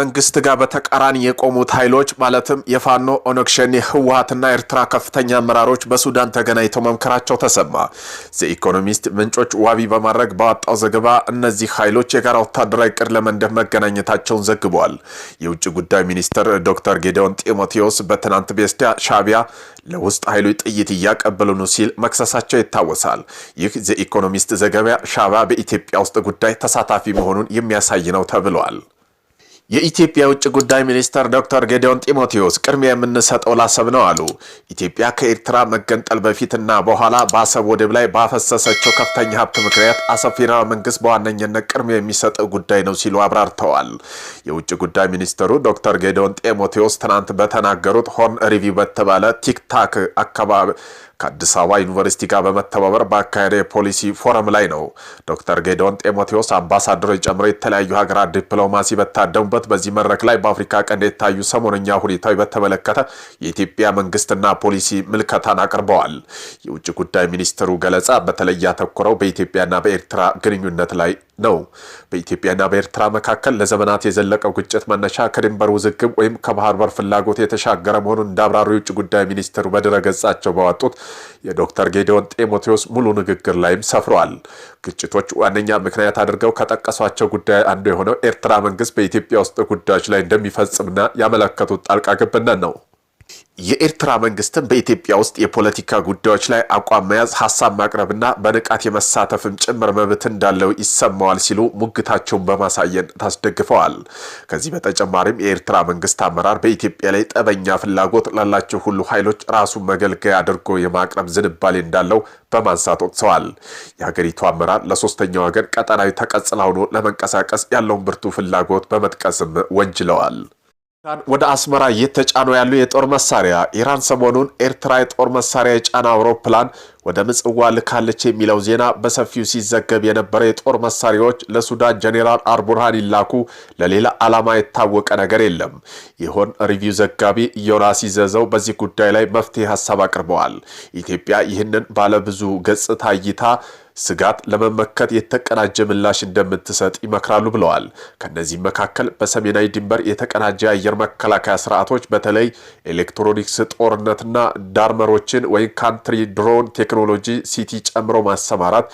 መንግስት ጋር በተቃራኒ የቆሙት ኃይሎች ማለትም የፋኖ ኦነግሸኔ፣ ህወሀትና ኤርትራ ከፍተኛ አመራሮች በሱዳን ተገናኝተው መምከራቸው ተሰማ። ዘኢኮኖሚስት ምንጮች ዋቢ በማድረግ ባወጣው ዘገባ እነዚህ ኃይሎች የጋራ ወታደራዊ ቅድ ለመንደፍ መገናኘታቸውን ዘግቧል። የውጭ ጉዳይ ሚኒስትር ዶክተር ጌዲዮን ጢሞቴዎስ በትናንት ቤስዲያ ሻቢያ ለውስጥ ኃይሎች ጥይት እያቀበሉ ነው ሲል መክሰሳቸው ይታወሳል። ይህ ዘኢኮኖሚስት ዘገባ ሻቢያ በኢትዮጵያ ውስጥ ጉዳይ ተሳታፊ መሆኑን የሚያሳይ ነው ተብሏል። የኢትዮጵያ የውጭ ጉዳይ ሚኒስትር ዶክተር ጌዲዮን ጢሞቴዎስ ቅድሚያ የምንሰጠው ላሰብ ነው አሉ። ኢትዮጵያ ከኤርትራ መገንጠል በፊትና በኋላ በአሰብ ወደብ ላይ ባፈሰሰችው ከፍተኛ ሀብት ምክንያት አሰብ ፌዴራል መንግስት በዋነኝነት ቅድሚያ የሚሰጠው ጉዳይ ነው ሲሉ አብራርተዋል። የውጭ ጉዳይ ሚኒስትሩ ዶክተር ጌዲዮን ጢሞቴዎስ ትናንት በተናገሩት ሆርን ሪቪው በተባለ ቲክታክ አካባቢ ከአዲስ አበባ ዩኒቨርሲቲ ጋር በመተባበር በአካሄደ የፖሊሲ ፎረም ላይ ነው ዶክተር ጌዶን ጢሞቴዎስ አምባሳደሮች ጨምሮ የተለያዩ ሀገራት ዲፕሎማሲ በታደሙበት በዚህ መድረክ ላይ በአፍሪካ ቀንድ የታዩ ሰሞነኛ ሁኔታዊ በተመለከተ የኢትዮጵያ መንግስትና ፖሊሲ ምልከታን አቅርበዋል። የውጭ ጉዳይ ሚኒስትሩ ገለጻ በተለይ ያተኮረው በኢትዮጵያና በኤርትራ ግንኙነት ላይ ነው። በኢትዮጵያና በኤርትራ መካከል ለዘመናት የዘለቀው ግጭት መነሻ ከድንበር ውዝግብ ወይም ከባህር በር ፍላጎት የተሻገረ መሆኑን እንዳብራሩ የውጭ ጉዳይ ሚኒስትሩ በድረገጻቸው ባወጡት የዶክተር ጌዲዮን ጢሞቴዎስ ሙሉ ንግግር ላይም ሰፍረዋል። ግጭቶች ዋነኛ ምክንያት አድርገው ከጠቀሷቸው ጉዳይ አንዱ የሆነው ኤርትራ መንግስት በኢትዮጵያ ውስጥ ጉዳዮች ላይ እንደሚፈጽምና ያመለከቱት ጣልቃ ግብነት ነው። የኤርትራ መንግስትም በኢትዮጵያ ውስጥ የፖለቲካ ጉዳዮች ላይ አቋም መያዝ፣ ሀሳብ ማቅረብና በንቃት የመሳተፍም ጭምር መብት እንዳለው ይሰማዋል ሲሉ ሙግታቸውን በማሳየን ታስደግፈዋል። ከዚህ በተጨማሪም የኤርትራ መንግስት አመራር በኢትዮጵያ ላይ ጠበኛ ፍላጎት ላላቸው ሁሉ ኃይሎች ራሱን መገልገያ አድርጎ የማቅረብ ዝንባሌ እንዳለው በማንሳት ወቅሰዋል። የሀገሪቱ አመራር ለሶስተኛ ወገን ቀጠናዊ ተቀጽላ ሆኖ ለመንቀሳቀስ ያለውን ብርቱ ፍላጎት በመጥቀስም ወንጅለዋል። ኢራን ወደ አስመራ እየተጫኑ ያሉ የጦር መሳሪያ ኢራን ሰሞኑን ኤርትራ የጦር መሳሪያ የጫነ አውሮፕላን ወደ ምጽዋ ልካለች የሚለው ዜና በሰፊው ሲዘገብ የነበረ የጦር መሳሪያዎች ለሱዳን ጄኔራል አርቡርሃን ይላኩ ለሌላ ዓላማ የታወቀ ነገር የለም። ይሆን ሪቪው ዘጋቢ ዮናስ ይዘዘው በዚህ ጉዳይ ላይ መፍትሄ ሀሳብ አቅርበዋል። ኢትዮጵያ ይህንን ባለብዙ ገጽታ እይታ ስጋት ለመመከት የተቀናጀ ምላሽ እንደምትሰጥ ይመክራሉ ብለዋል። ከእነዚህም መካከል በሰሜናዊ ድንበር የተቀናጀ የአየር መከላከያ ስርዓቶች በተለይ ኤሌክትሮኒክስ ጦርነትና ዳርመሮችን ወይም ካንትሪ ድሮን ቴክኖሎጂ ሲቲ ጨምሮ ማሰማራት፣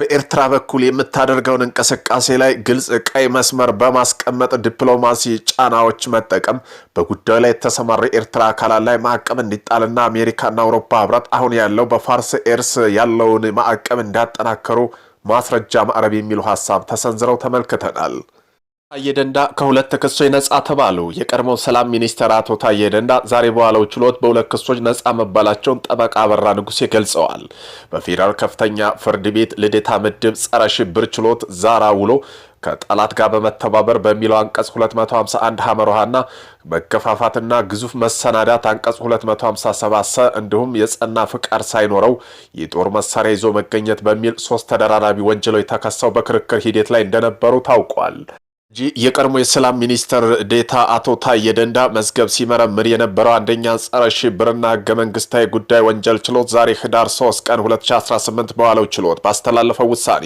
በኤርትራ በኩል የምታደርገውን እንቅስቃሴ ላይ ግልጽ ቀይ መስመር በማስቀመጥ ዲፕሎማሲ ጫናዎች መጠቀም፣ በጉዳዩ ላይ የተሰማሩ የኤርትራ አካላት ላይ ማዕቀብ እንዲጣልና አሜሪካና አውሮፓ ህብረት አሁን ያለው በፋርስ ኤርስ ያለውን ማዕቀብ እንዳጠናከሩ ማስረጃ ማዕረብ የሚሉ ሀሳብ ተሰንዝረው ተመልክተናል። ታዬ ደንዳ ከሁለት ክሶች ነጻ ተባሉ። የቀድሞ ሰላም ሚኒስትር አቶ ታዬ ደንዳ ዛሬ በዋለው ችሎት በሁለት ክሶች ነጻ መባላቸውን ጠበቃ አበራ ንጉሴ ገልጸዋል። በፌዴራል ከፍተኛ ፍርድ ቤት ልደታ ምድብ ጸረ ሽብር ችሎት ዛራ ውሎ ከጠላት ጋር በመተባበር በሚለው አንቀጽ 251 ሀመሮሃና መገፋፋትና ግዙፍ መሰናዳት አንቀጽ 257 ሰ እንዲሁም የጸና ፍቃድ ሳይኖረው የጦር መሳሪያ ይዞ መገኘት በሚል ሶስት ተደራራቢ ወንጀሎች ተከሰው በክርክር ሂደት ላይ እንደነበሩ ታውቋል። እንጂ የቀድሞ የሰላም ሚኒስትር ዴታ አቶ ታዬ ደንዳ መዝገብ ሲመረምር የነበረው አንደኛ ጸረ ሽብርና ህገ መንግስታዊ ጉዳይ ወንጀል ችሎት ዛሬ ህዳር 3 ቀን 2018 በዋለው ችሎት ባስተላለፈው ውሳኔ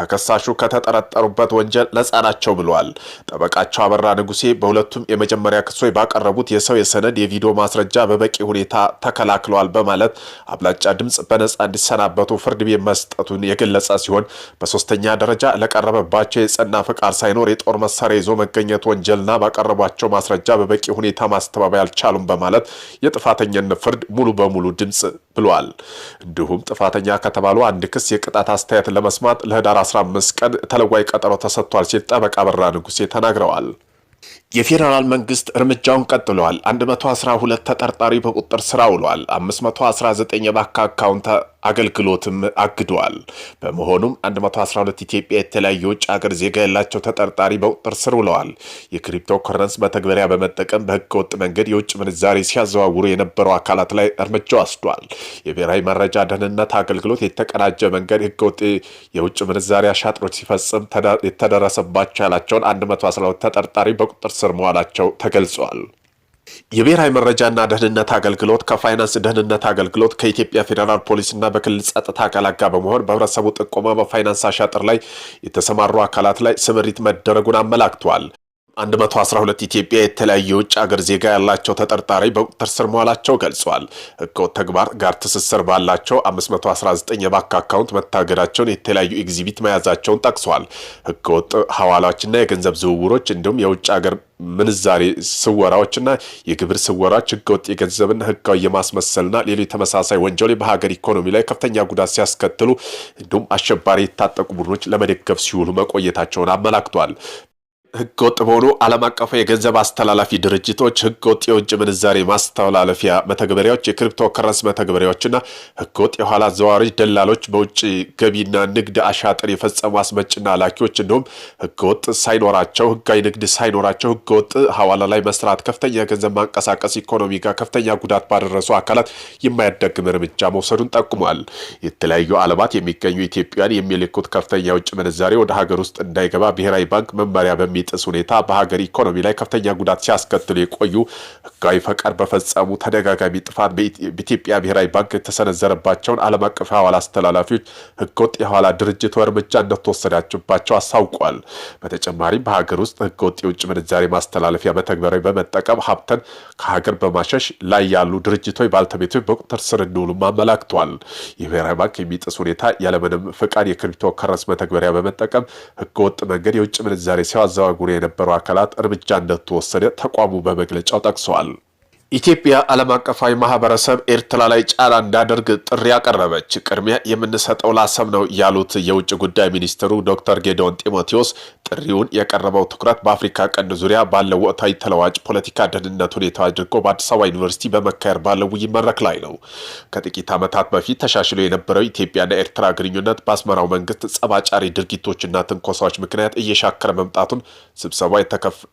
ተከሳሹ ከተጠረጠሩበት ወንጀል ነፃ ናቸው ብለዋል። ጠበቃቸው አበራ ንጉሴ በሁለቱም የመጀመሪያ ክሶች ባቀረቡት የሰው የሰነድ የቪዲዮ ማስረጃ በበቂ ሁኔታ ተከላክለዋል በማለት አብላጫ ድምፅ በነፃ እንዲሰናበቱ ፍርድ ቤት መስጠቱን የገለጸ ሲሆን በሶስተኛ ደረጃ ለቀረበባቸው የጸና ፍቃድ ሳይኖር የጦር መሳሪያ ይዞ መገኘት ወንጀልና ባቀረቧቸው ማስረጃ በበቂ ሁኔታ ማስተባበያ አልቻሉም በማለት የጥፋተኝነት ፍርድ ሙሉ በሙሉ ድምፅ ብለዋል። እንዲሁም ጥፋተኛ ከተባሉ አንድ ክስ የቅጣት አስተያየት ለመስማት ለህዳር 15 ቀን ተለዋይ ቀጠሮ ተሰጥቷል ሲል ጠበቃ በራ ንጉሴ ተናግረዋል። የፌዴራል መንግስት እርምጃውን ቀጥሏል። 112 ተጠርጣሪ በቁጥጥር ስር ውሏል። 519 የባንክ አካውንት አገልግሎትም አግደዋል። በመሆኑም 112 ኢትዮጵያ የተለያዩ የውጭ ሀገር ዜጋ ያላቸው ተጠርጣሪ በቁጥጥር ስር ውለዋል። የክሪፕቶ ከረንስ መተግበሪያ በመጠቀም በህገ ወጥ መንገድ የውጭ ምንዛሬ ሲያዘዋውሩ የነበሩ አካላት ላይ እርምጃ ወስዷል። የብሔራዊ መረጃ ደህንነት አገልግሎት የተቀናጀ መንገድ ህገ ወጥ የውጭ ምንዛሬ አሻጥሮች ሲፈጽም የተደረሰባቸው ያላቸውን 112 ተጠርጣሪ በቁጥጥር ስር መዋላቸው ተገልጿል። የብሔራዊ መረጃና ደህንነት አገልግሎት ከፋይናንስ ደህንነት አገልግሎት ከኢትዮጵያ ፌዴራል ፖሊስና በክልል ጸጥታ አካላት ጋር በመሆን በህብረተሰቡ ጥቆማ በፋይናንስ አሻጥር ላይ የተሰማሩ አካላት ላይ ስምሪት መደረጉን አመላክቷል። 112 ኢትዮጵያ የተለያዩ የውጭ አገር ዜጋ ያላቸው ተጠርጣሪ በቁጥጥር ስር መዋላቸው ገልጿል። ህገወጥ ተግባር ጋር ትስስር ባላቸው 519 የባንክ አካውንት መታገዳቸውን፣ የተለያዩ ኤግዚቢት መያዛቸውን ጠቅሷል። ህገወጥ ሐዋላዎችና የገንዘብ ዝውውሮች እንዲሁም የውጭ አገር ምንዛሬ ስወራዎችና የግብር ስወራዎች፣ ህገወጥ የገንዘብና ህጋዊ የማስመሰልና ሌሎች ተመሳሳይ ወንጀሎች በሀገር ኢኮኖሚ ላይ ከፍተኛ ጉዳት ሲያስከትሉ እንዲሁም አሸባሪ የታጠቁ ቡድኖች ለመደገፍ ሲውሉ መቆየታቸውን አመላክቷል። ህገወጥ በሆኑ ዓለም አቀፉ የገንዘብ አስተላላፊ ድርጅቶች ህገወጥ የውጭ ምንዛሬ ማስተላለፊያ መተግበሪያዎች፣ የክሪፕቶ ከረንስ መተግበሪያዎችና ህገወጥ የኋላ አዘዋዋሪ ደላሎች፣ በውጭ ገቢና ንግድ አሻጥር የፈጸሙ አስመጭና ላኪዎች እንዲሁም ህገወጥ ሳይኖራቸው ህጋዊ ንግድ ሳይኖራቸው ህገወጥ ሀዋላ ላይ መስራት ከፍተኛ ገንዘብ ማንቀሳቀስ ኢኮኖሚ ጋር ከፍተኛ ጉዳት ባደረሱ አካላት የማያዳግም እርምጃ መውሰዱን ጠቁሟል። የተለያዩ አለማት የሚገኙ ኢትዮጵያን የሚልኩት ከፍተኛ የውጭ ምንዛሬ ወደ ሀገር ውስጥ እንዳይገባ ብሔራዊ ባንክ መመሪያ በሚል በሚጥስ ሁኔታ በሀገር ኢኮኖሚ ላይ ከፍተኛ ጉዳት ሲያስከትሉ የቆዩ ህጋዊ ፈቃድ በፈጸሙ ተደጋጋሚ ጥፋት በኢትዮጵያ ብሔራዊ ባንክ የተሰነዘረባቸውን ዓለም አቀፍ የሐዋላ አስተላላፊዎች ህገወጥ የኋላ ድርጅት እርምጃ እንደተወሰዳችባቸው አሳውቋል። በተጨማሪም በሀገር ውስጥ ህገወጥ የውጭ ምንዛሬ ማስተላለፊያ መተግበሪያ በመጠቀም ሀብተን ከሀገር በማሸሽ ላይ ያሉ ድርጅቶች ባለቤቶች በቁጥር ስር እንዲውሉም አመላክቷል። የብሔራዊ ባንክ የሚጥስ ሁኔታ ያለምንም ፍቃድ የክሪፕቶ ከረንስ መተግበሪያ በመጠቀም ህገወጥ መንገድ የውጭ ምንዛሬ ሲያዘዋ ማጉሪያ የነበሩ አካላት እርምጃ እንደተወሰደ ተቋሙ በመግለጫው ጠቅሰዋል። ኢትዮጵያ ዓለም አቀፋዊ ማህበረሰብ ኤርትራ ላይ ጫና እንዳደርግ ጥሪ ያቀረበች ቅድሚያ የምንሰጠው ለአሰብ ነው ያሉት የውጭ ጉዳይ ሚኒስትሩ ዶክተር ጌዲዮን ጢሞቴዎስ ጥሪውን የቀረበው ትኩረት በአፍሪካ ቀንድ ዙሪያ ባለው ወቅታዊ ተለዋጭ ፖለቲካ ደህንነት ሁኔታ አድርጎ በአዲስ አበባ ዩኒቨርሲቲ በመካሄድ ባለው ውይይት መድረክ ላይ ነው። ከጥቂት ዓመታት በፊት ተሻሽሎ የነበረው ኢትዮጵያና ኤርትራ ግንኙነት በአስመራው መንግስት ጸባጫሪ ድርጊቶችና ትንኮሳዎች ምክንያት እየሻከረ መምጣቱን ስብሰባ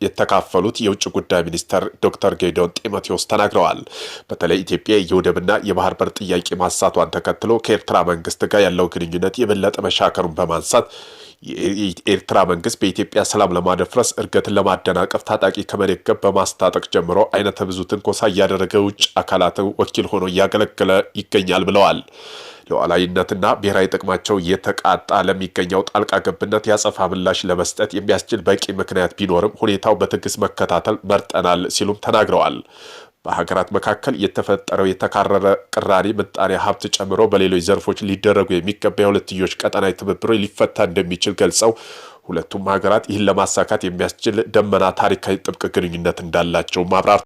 የተካፈሉት የውጭ ጉዳይ ሚኒስተር ዶክተር ጌዲዮን ጢሞቴዎስ ተናግረዋል። በተለይ ኢትዮጵያ የወደብና የባህር በር ጥያቄ ማሳቷን ተከትሎ ከኤርትራ መንግስት ጋር ያለው ግንኙነት የበለጠ መሻከሩን በማንሳት የኤርትራ መንግስት በኢትዮጵያ ሰላም ለማደፍረስ እርገትን ለማደናቀፍ ታጣቂ ከመደገብ በማስታጠቅ ጀምሮ አይነተ ብዙ ትንኮሳ እያደረገ ውጭ አካላትን ወኪል ሆኖ እያገለገለ ይገኛል ብለዋል። ሉዓላዊነትና ብሔራዊ ጥቅማቸው የተቃጣ ለሚገኘው ጣልቃ ገብነት ያጸፋ ምላሽ ለመስጠት የሚያስችል በቂ ምክንያት ቢኖርም ሁኔታው በትዕግስት መከታተል መርጠናል ሲሉም ተናግረዋል። በሀገራት መካከል የተፈጠረው የተካረረ ቅራኔ ምጣኔ ሀብት ጨምሮ በሌሎች ዘርፎች ሊደረጉ የሚገባ የሁለትዮሽ ቀጠናዊ ትብብሮ ሊፈታ እንደሚችል ገልጸው ሁለቱም ሀገራት ይህን ለማሳካት የሚያስችል ደመና ታሪካዊ ጥብቅ ግንኙነት እንዳላቸው ማብራር